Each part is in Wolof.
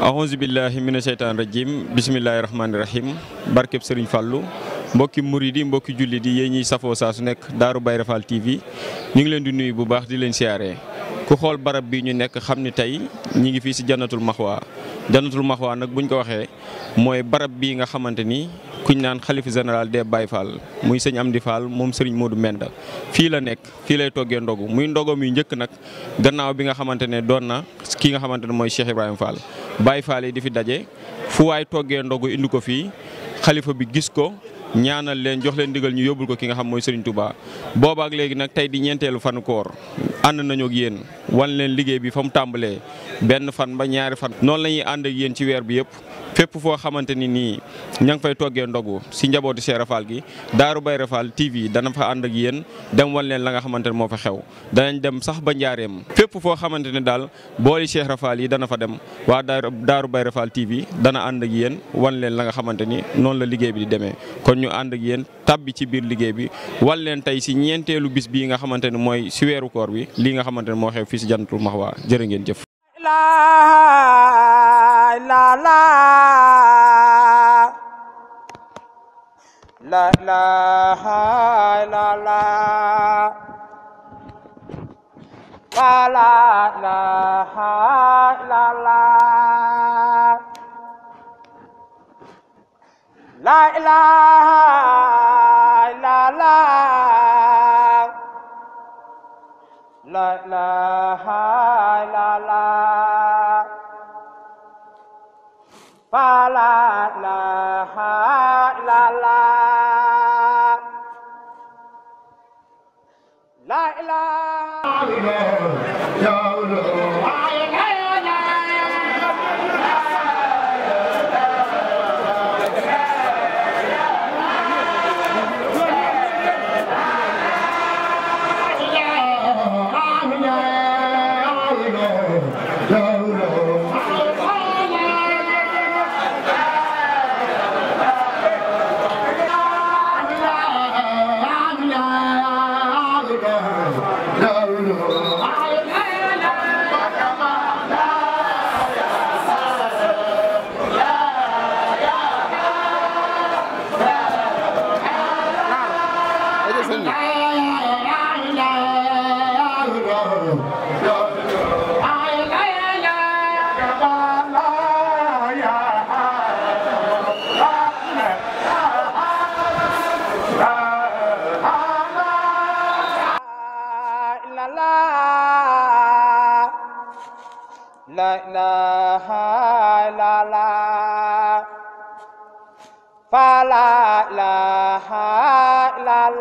ahousu billahi mina sheytaan rajim bisimillahi rahmaani rahim barkeb sëriñ fàllu mbokki murid yi mbokki jullit yi yee ñuy safoo saa su nekk Daaru Bairé Fall TV ñu ngi leen di nuyu bu baax di leen siyaare ku xool barab bi ñu nekk xam ni tey ñi ngi fii si jannatul maxwa jannatul maxwa nag buñ ko waxee mooy barab bii nga xamante ni kuñ naan xalifa général des Baye Fall muy sëñ Amdi Fall moom sëriñ Modou Menda fii la nekk fii lay toggee ndogu muy ndogom yu njëkk nag gannaaw bi nga xamante ne doon na ki nga xamante ne mooy Cheikh Baay faale yi di fi daje fu waay toggee ndogu indi ko fii xalifa bi gis ko ñaanal leen jox leen digal ñu yóbbul ko ki nga xam mooy Serigne Touba. boobaak léegi nag tey di ñeenteelu fanu koor ànd nañoo ak yéen wan leen liggéey bi fa mu tàmbalee benn fan ba ñaari fan. noonu la ñuy ànd ak yéen ci weer bi yëpp fépp foo xamante ni nii ña ngi fay toggee ndogu si njabootu Cheikh Rafal gi Daaru Baay Rafal TV dana fa ànd ak yéen dem wan leen la nga xamante ne moo fa xew danañ dem sax ba njaareem fépp foo xamante ne daal booli Cheikh Rafal yi dana fa dem waa Daaru Baay Rafal TV dana ànd ak yéen wan leen la nga xamante ni noonu la liggéey bi di demee kon ñu ànd ak yéen tàbbi ci biir liggéey bi wan leen tey si ñeenteelu bis bii nga xamante ne mooy si weeru koor bi li nga xamante ne moo xew fii si Jannatul Mahwa jërë ngeen jëf la la la la la la Seigneur.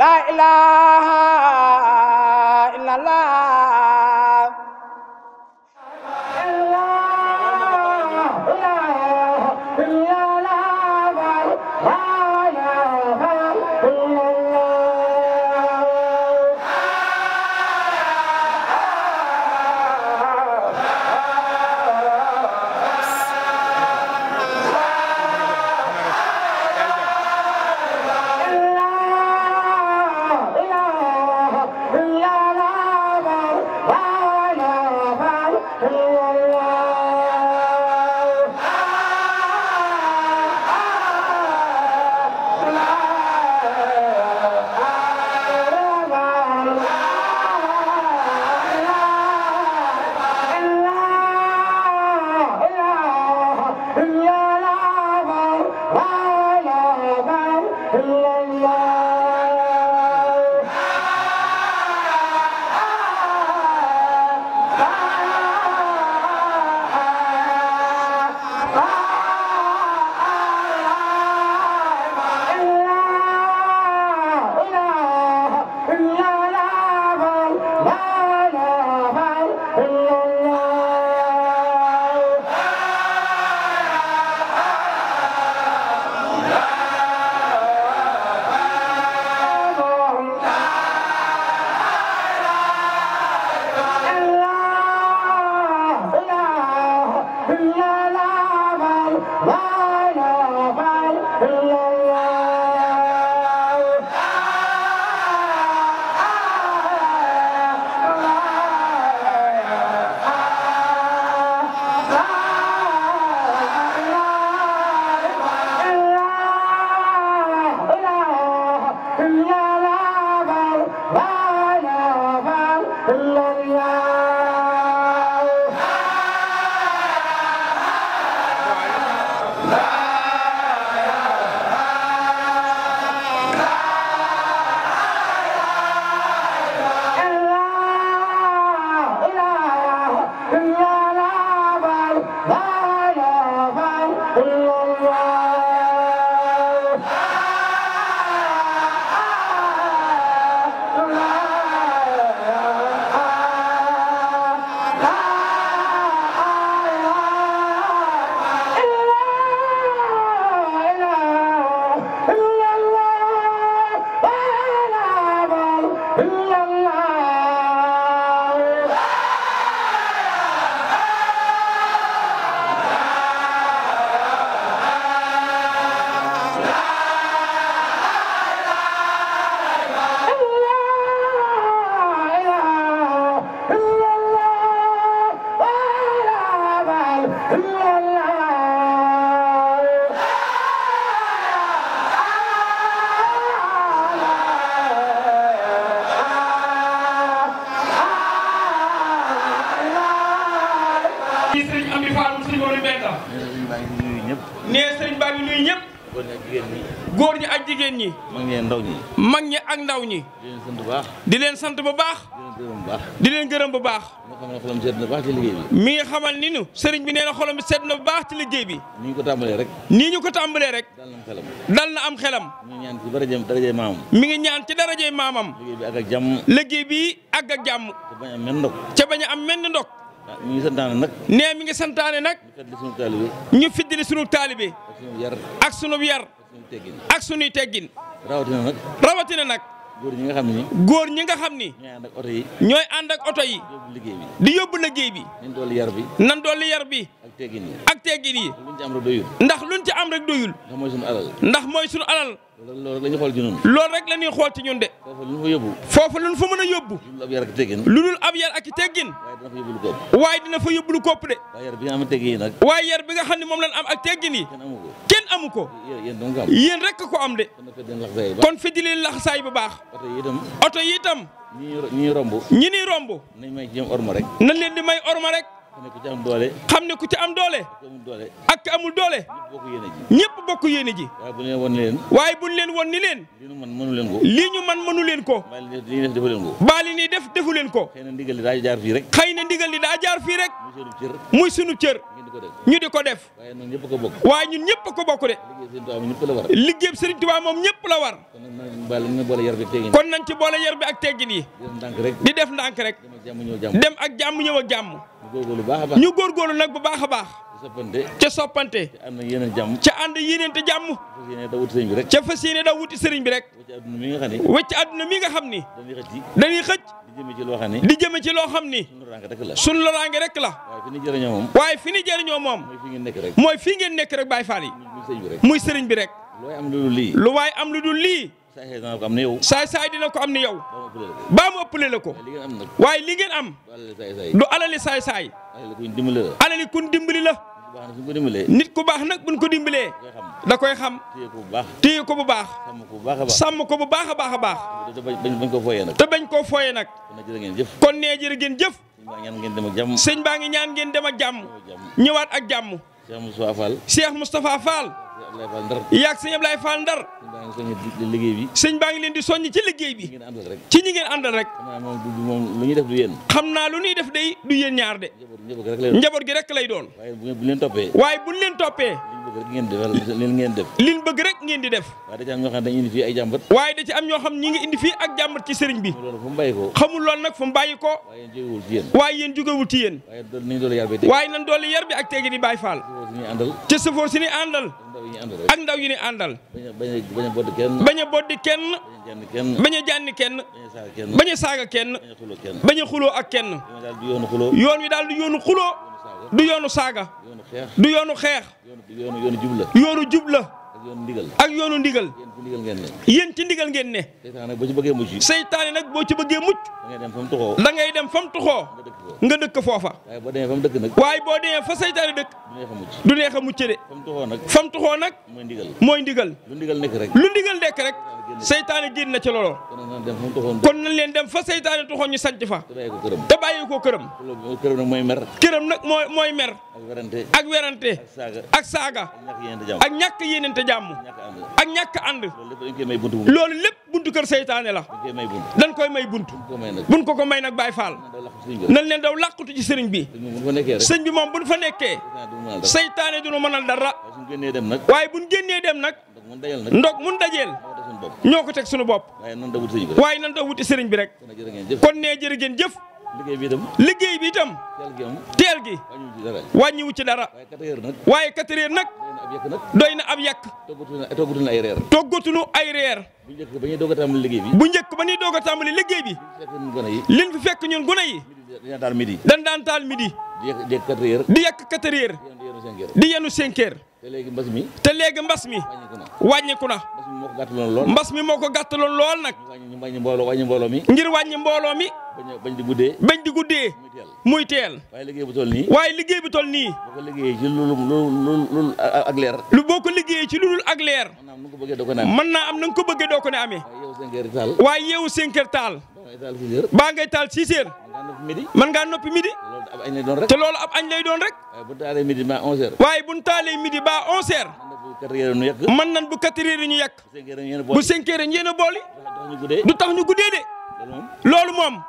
la ilaha illallah jigéen ñi. mag ñi ak ndaw ñi. mag ñi ak ndaw ñi. di leen sant bu baax. di leen sant bu baax. di leen gërëm bu mi ngi xamal ni ñu sëriñ bi nee na xolam sedd na bu baax ci liggéey bi. nii ñu ko tàmbalee rek. nii ñu ko tàmbalee rek. dal na am xelam. dal am xelam. mi ngi ñaan ci darajay maamam. mi ngi ñaan ci darajay maamam. liggéey bi àgg ak jàmm. liggéey bi ak ak jàmm. ca bañ a am menn ndok. ca bañ am menn ndok. Ah, mi ngi santaane nag. nee mi ngi santaane nag. ñu fiddili sunu taalibe. ñu fiddili sunu taalibe. ak sunu yar. ak suñuy teggin. rawatina nag. rawatina nag. góor ñi nga xam ni. góor ñi nga xam ni. ñooy ànd ak oto yi. ñooy ànd ak oto yi. di yóbbu liggéey bi. nan dolli yar bi. nan dolli yar bi. ak teggin yi. ak teggin yi. ndax luñ ci am rek doyul. ndax mooy suñu alal. ndax mooy suñu alal. loolu rek la ñuy loolu rek la ñuy xool ci ñun de. foofu lu ñu fa yóbbu. a yóbbu. lu dul ab yar ak teggin. lu dul ab yar ak teggin. waaye dina fa yóbbu lu kopp de. waaye yar bi nga am teggin yi nag. waaye yar nga xam ne moom lañ am ak teggin yi. kenn amu ko kenn amu ko. yéen rek ko am de. kon fi di leen laxasaay bu baax. oto yi itam. oto yi ñuy romb. ñi ñuy romb. nañ may jéem orma rek. nañ leen di may orma rek. xam ne ku ci am doole. ak amul doole. ñëpp bokk yéene ji. waaye bu ñu leen won ni leen. waaye bu ñu leen won ni leen. lii ñu man mënu leen ko. lii ñu man mënu leen ko. baa li ñuy def defu leen ko. xëy na ndigal li daa jaar fii rek. xëy na ndigal li daa jaar fii rek. muy sunu cër. ñu di ko def waaye ñun ñëpp ko bokk de liggéey Sëriñ Tuubaa moom la war kon nañ boole yar ak teggin yi di def ndànk rek dem ak jàmm ñëw ak jàmm ñu góorgóorlu nag bu baax a baax ca soppante. ca ànd yeneen jàmm. ca ànd yeneen te jàmm. ca fas yéene da wuti sëriñ bi rek. wëcc àdduna mi nga xam ni. dañuy xëcc. di jëme ci loo xam ni. di jëme ci loo xam loraange rek la. waaye fi ni jëriñoo moom. mooy fi ngeen nekk rek. mooy fi muy sëriñ bi rek. lu waay am lu dul lii. saay saay dina ko am ni yow. baa mu ëppale la ko. waaye li ngeen am. du alali saay saay. alali kun dimbali la. nit ku baax nag buñ ko dimbalee. da koy xam téye ko bu baax. sàmm ko bu baax a baax a baax. te bañ koo fooyee nag. te bañ koo fooyee nag. kon nee jërë ngeen jëf. sëñ baa ngi ñaan ngeen dem ak jàmm. ñëwaat ak jàmm. Cheikh Moustapha Fall. Cheikh Moustapha Fall. yaag sëñ Ablaye faal Ndar. sëñ baa ngi leen di soññ ci liggéey bi ci ñi ngeen àndal rek xam naa lu ñuy def day njaboot gi rek lay doon waaye buñ leen toppee waaye bëgg rek ngeen di def waaye da ci am ñoo xam dañu ngi indi fii ak jàmbat ci sëriñ bi xamul lool nag fu mu ko waaye yéen jógewul ci waaye nan doole yar bi ak teegi di bàyyi faal ca sëfoor si ni àndal ak ndaw yi ni àndal. bañ a boddi kenn. bañ a boddi kenn. bañ a jànni kenn. bañ a saaga kenn. bañ a xuloo ak kenn. yoon wi daal du yoon xuloo. du yoonu saaga. du yoon xeex. yoon yoonu jub la. ak yoonu ndigal. yéen ci ndigal ngeen ne. seytaane nag boo ci bëggee mucc. seytaane da dem fa mu tuxoo. nga dëkk foofa. waaye boo demee fa seytaane dëkk. du neex a mucc de. fa mu tuxoo nag. fa mu tuxoo nag. mooy ndigal. mooy ndigal. lu ndigal nekk rek. lu ndigal nekk rek. seytaane génn na ci loolu. kon nañ leen dem fa seytaane tuxoon ñu sanc fa. te bàyyi ko këram. këram nag mooy mer. këram nag mooy mer. ak werante. ak saaga. ak ñàkk yéenante jàmm. ak ñàkk ànd. loolu lépp buntu kër seytaane la. dañ koy may buntu. buñ ko ko may nag Baay Faal. nañ leen daw làqutu ci sëriñ bi. sëñ bi moom buñ fa nekkee. seytaane du nu mënal dara. waaye buñ génnee dem nag. ndog mun dajeel. ñoo ko teg suñu bopp. waaye nan da wuti sëriñ bi rek. kon nee jërë ngeen jëf. liggéey bi itam liggéey bi itam. teel gi wàññiwu ci dara. waaye 4 heures nag. doy na ab yàq. toggatuñu ay reer. toggatuñu ay reer. bu njëkk ba ñuy doog a tàmbali liggéey bi. bu njëkk ba ñuy doog a tàmbali liggéey bi. liñ fi fekk ñun gone yi. dañ daan taal midi. dañ daan taal midi. di yàq quatre heures. di yàq quatre heures. di yenu cinq heures. te léegi mbas mi. te léegi mbas mi. wàññiku na. mbas mi moo ko gàttaloon lool nag. ngir wàññi mbooloo mi. bañ di guddee. bañ di guddee. muy teel. waaye liggéey bu toll nii. waaye liggéey bu toll nii. boo ko liggéeyee ci lu lu ak leer. lu boo ko liggéeyee ci lu ak leer. mën naa am na nga ko bëggee doo ko ne amee. waaye yeewu 5 heures taal. baa ngay taal 6 heures. mën ngaa noppi midi. te loolu ab añ lay doon rek. waaye bu taalee midi waaye bu taalee midi ba 11 heures. mën nan bu 4 heures ñu yàq. bu 5 heures ñu yéen a booli. du tax ñu guddee de. loolu moom.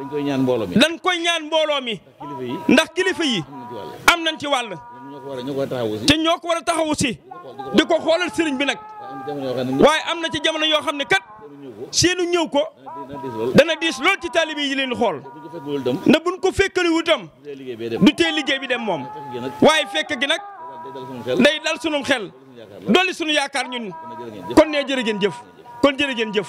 dañ koy ñaan mbooloo mi dañ koy ñaan mbooloo mi ndax kilifa yi am nañ ci wàll te ñoo ko war a taxawu si di ko xoolal sëriñ bi nag waaye am na ci jamono yoo xam ne kat seenu ñëw ko dana diis lool ci taalibe yi leen xool na buñ ko fekkaliwu itam du tee liggéey bi dem moom waaye fekk gi nag day dal sunum xel dolli sunu yaakaar ñun kon nee jërë ngeen jëf kon jërë ngeen jëf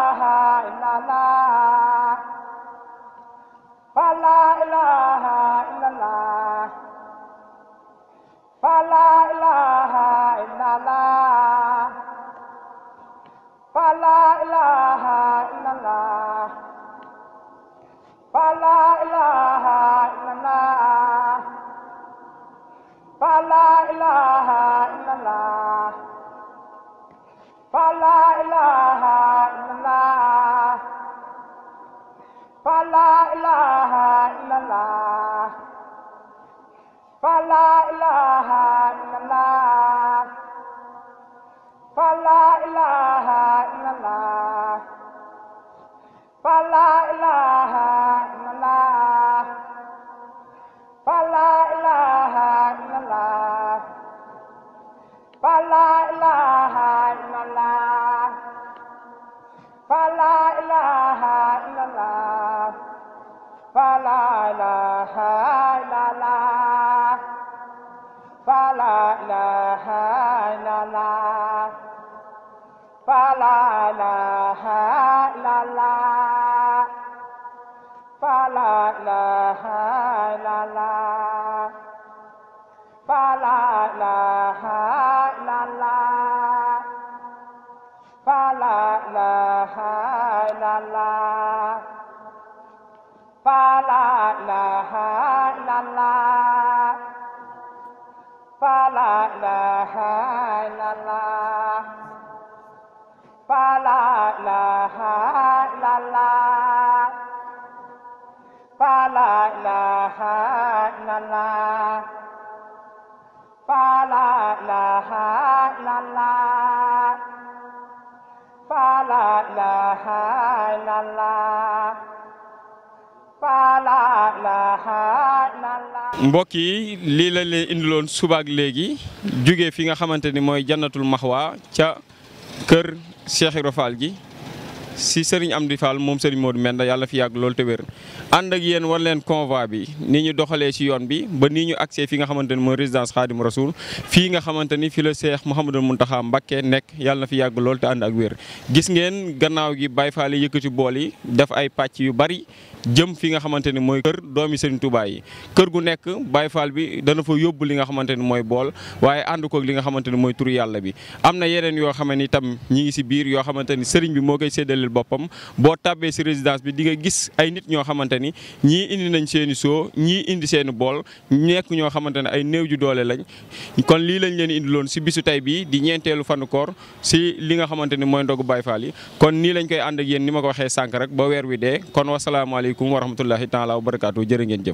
إله إلا الله فلا إله fa la la mbokk yi lii la leen indiloon subaak léegi jóge fi nga xamante ni mooy jannatul maxwa ca kër Cheikh Ibra Fall gi si Serigne di Fall moom Serigne Modou Menda yàlla fi yàgg lool te wér ànd ak yéen wan leen convoi bi ni ñu doxalee ci yoon bi ba ni ñu agsee fi nga xamante ni mooy résidence Khadim Rasoul fii nga xamante ni fi la Cheikh Mouhamadou Mountakha Mbacké nekk yàlla na fi yàgg loolu te ànd ak wér. gis ngeen gannaaw gi Baye Fall yëkkati bool yi def ay pàcc yu bari jëm fi nga xamante ni mooy kër doomi Serigne Touba yi kër gu nekk Baye Fall bi dana fa yóbbu li nga xamante ni mooy bool waaye ànd koog li nga xamante ni mooy turu yàlla bi am na yeneen yoo xam ne itam ñi ngi si biir yoo xamante ni Serigne bi moo koy séddaleel boppam boo tàbbee si résidence bi di nga gis ay nit ñoo xamante ni ñii indi nañ seeni soo ñii indi seeni bool nekk ñoo xamante ne ay néew ju doole lañ kon lii lañ leen indi loon si bisu tey bii di ñeenteelu fanu si li nga xamante ni mooy ndogu Baye Fall yi kon nii lañ koy ànd ak yéen ni ma ko waxee sànq rek ba weer wi dee asalaamaaleykum wa rahmatullahi taala wa barakaatu jërë ngeen jëf